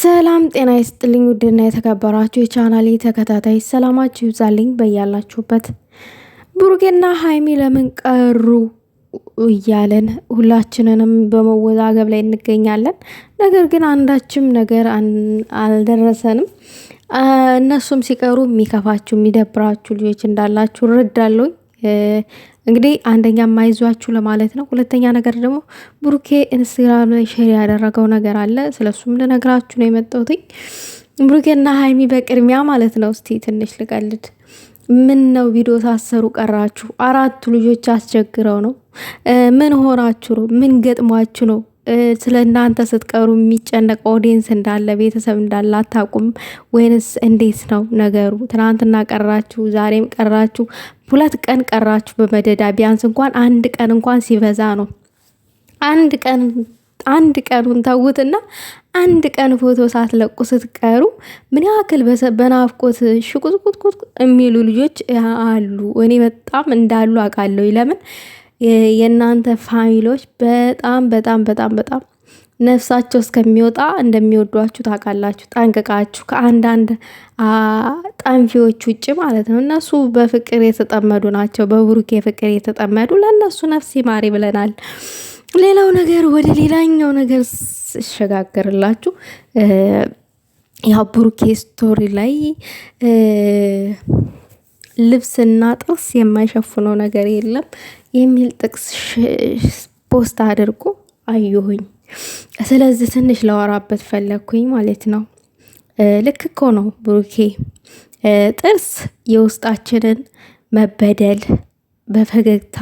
ሰላም ጤና ይስጥልኝ። ውድና የተከበራችሁ የቻናሌ ተከታታይ ሰላማችሁ ይብዛልኝ በያላችሁበት። ብሩኬና ሀይሚ ለምን ቀሩ እያለን ሁላችንንም በመወዛገብ ላይ እንገኛለን። ነገር ግን አንዳችም ነገር አልደረሰንም። እነሱም ሲቀሩ የሚከፋችሁ የሚደብራችሁ ልጆች እንዳላችሁ እረዳለሁኝ። እንግዲህ አንደኛ ማይዟችሁ ለማለት ነው። ሁለተኛ ነገር ደግሞ ብሩኬ ኢንስታግራም ላይ ሼር ያደረገው ነገር አለ። ስለሱም ልነግራችሁ ነው የመጣሁትኝ። ብሩኬና ሀይሚ በቅድሚያ ማለት ነው። እስቲ ትንሽ ልቀልድ። ምን ነው ቪዲዮ ሳሰሩ ቀራችሁ? አራቱ ልጆች አስቸግረው ነው? ምን ሆናችሁ ነው? ምን ገጥሟችሁ ነው? ስለ እናንተ ስትቀሩ የሚጨነቅ ኦዲየንስ እንዳለ ቤተሰብ እንዳለ አታውቁም ወይንስ እንዴት ነው ነገሩ? ትናንትና ቀራችሁ፣ ዛሬም ቀራችሁ፣ ሁለት ቀን ቀራችሁ በመደዳ ቢያንስ እንኳን አንድ ቀን እንኳን ሲበዛ ነው። አንድ ቀን አንድ ቀኑን ተውትና አንድ ቀን ፎቶ ሳትለቁ ስትቀሩ ምን ያክል በናፍቆት ሽቁጥቁጥቁጥ የሚሉ ልጆች አሉ። እኔ በጣም እንዳሉ አውቃለሁ። ለምን የእናንተ ፋሚሊዎች በጣም በጣም በጣም በጣም ነፍሳቸው እስከሚወጣ እንደሚወዷችሁ ታውቃላችሁ ጠንቅቃችሁ ከአንዳንድ ጠንፊዎች ውጭ ማለት ነው። እነሱ በፍቅር የተጠመዱ ናቸው። በብሩኬ ፍቅር የተጠመዱ ለእነሱ ነፍስ ይማር ብለናል። ሌላው ነገር ወደ ሌላኛው ነገር ስሸጋገርላችሁ ያው ብሩኬ ስቶሪ ላይ ልብስና ጥርስ የማይሸፍነው ነገር የለም የሚል ጥቅስ ፖስት አድርጎ አየሁኝ። ስለዚህ ትንሽ ለወራበት ፈለግኩኝ ማለት ነው። ልክ እኮ ነው ብሩኬ። ጥርስ የውስጣችንን መበደል በፈገግታ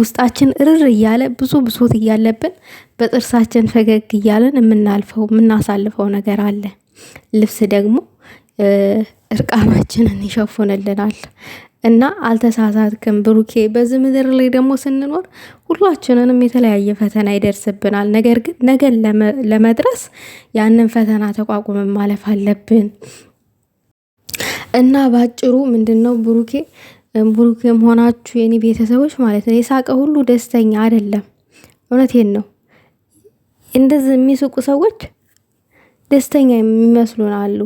ውስጣችን እርር እያለ ብዙ ብሶት እያለብን በጥርሳችን ፈገግ እያለን የምናልፈው የምናሳልፈው ነገር አለ። ልብስ ደግሞ እርቃናችንን ይሸፉንልናል እና አልተሳሳትክም ብሩኬ። በዚህ ምድር ላይ ደግሞ ስንኖር ሁላችንንም የተለያየ ፈተና ይደርስብናል። ነገር ግን ነገን ለመድረስ ያንን ፈተና ተቋቁመን ማለፍ አለብን እና ባጭሩ ምንድን ነው ብሩኬ ብሩኬም ሆናችሁ የኔ ቤተሰቦች ማለት ነው የሳቀ ሁሉ ደስተኛ አይደለም። እውነቴን ነው። እንደዚህ የሚስቁ ሰዎች ደስተኛ የሚመስሉን አሉ።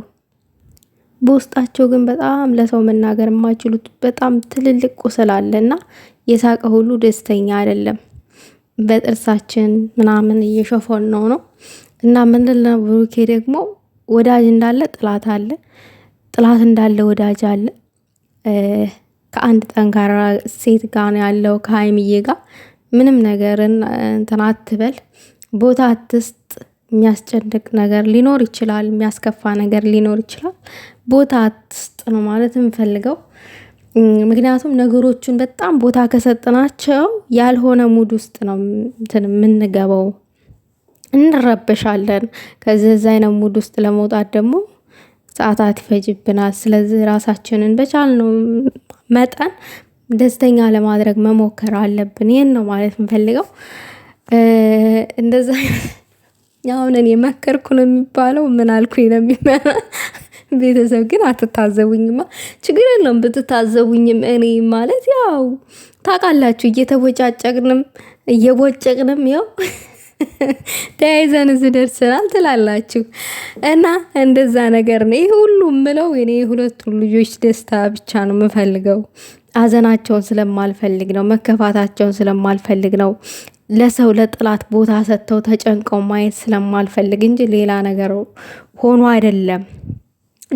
በውስጣቸው ግን በጣም ለሰው መናገር የማይችሉት በጣም ትልልቅ ቁስል አለና የሳቀ ሁሉ ደስተኛ አይደለም። በጥርሳችን ምናምን እየሸፈን ነው ነው እና ምንልና ብሩኬ ደግሞ ወዳጅ እንዳለ ጥላት አለ፣ ጥላት እንዳለ ወዳጅ አለ። ከአንድ ጠንካራ ሴት ጋር ነው ያለው ከሀይምዬ ጋር ምንም ነገርን እንትን አትበል ቦታ አትስጥ። የሚያስጨንቅ ነገር ሊኖር ይችላል፣ የሚያስከፋ ነገር ሊኖር ይችላል። ቦታ አትስጥ ነው ማለት የምፈልገው። ምክንያቱም ነገሮቹን በጣም ቦታ ከሰጥናቸው ያልሆነ ሙድ ውስጥ ነው እንትን የምንገባው፣ እንረበሻለን። ከዚህ እዛ አይነት ሙድ ውስጥ ለመውጣት ደግሞ ሰዓታት ይፈጅብናል። ስለዚህ ራሳችንን በቻልነው መጠን ደስተኛ ለማድረግ መሞከር አለብን። ይህን ነው ማለት የምፈልገው እንደዛ አሁን እኔ መከርኩ ነው የሚባለው። ምን አልኩኝ ነው የሚመራ ቤተሰብ ግን አትታዘቡኝማ። ችግር የለውም ብትታዘቡኝም፣ እኔ ማለት ያው ታውቃላችሁ፣ እየተቦጫጨቅንም እየቦጨቅንም ያው ተያይዘን እዚህ ደርሰናል ትላላችሁ እና እንደዛ ነገር ነው። ይህ ሁሉ ምለው እኔ የሁለቱ ልጆች ደስታ ብቻ ነው የምፈልገው። ሀዘናቸውን ስለማልፈልግ ነው። መከፋታቸውን ስለማልፈልግ ነው። ለሰው ለጥላት ቦታ ሰጥተው ተጨንቀው ማየት ስለማልፈልግ እንጂ ሌላ ነገር ሆኖ አይደለም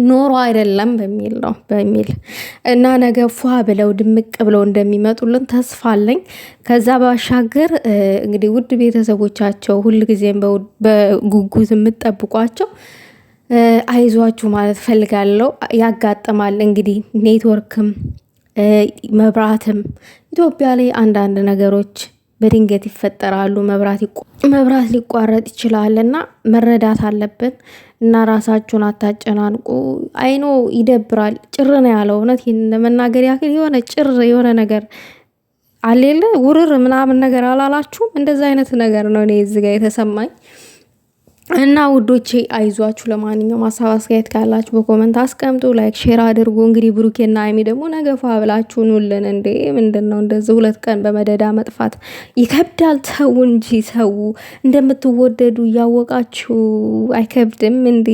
ኖሮ አይደለም በሚል ነው በሚል እና ነገ ፏ ብለው ድምቅ ብለው እንደሚመጡልን ተስፋ አለኝ። ከዛ ባሻገር እንግዲህ ውድ ቤተሰቦቻቸው ሁልጊዜም በጉጉት የምጠብቋቸው አይዟችሁ ማለት ፈልጋለሁ። ያጋጥማል እንግዲህ ኔትወርክም መብራትም ኢትዮጵያ ላይ አንዳንድ ነገሮች በድንገት ይፈጠራሉ። መብራት መብራት ሊቋረጥ ይችላል እና መረዳት አለብን እና ራሳችሁን አታጨናንቁ። አይኖ ይደብራል። ጭር ነው ያለው እውነት ለመናገር ያክል የሆነ ጭር የሆነ ነገር አሌለ ውርር ምናምን ነገር አላላችሁም? እንደዚ አይነት ነገር ነው እኔ እዚህ የተሰማኝ። እና ውዶቼ አይዟችሁ። ለማንኛውም ሀሳብ አስተያየት ካላችሁ በኮመንት አስቀምጡ፣ ላይክ ሼር አድርጉ። እንግዲህ ብሩኬና አይሚ ደግሞ ነገ ፏ ብላችሁ ኑልን። እንዴ ምንድን ነው እንደዚህ ሁለት ቀን በመደዳ መጥፋት ይከብዳል? ተው እንጂ ሰው እንደምትወደዱ እያወቃችሁ አይከብድም እንዴ?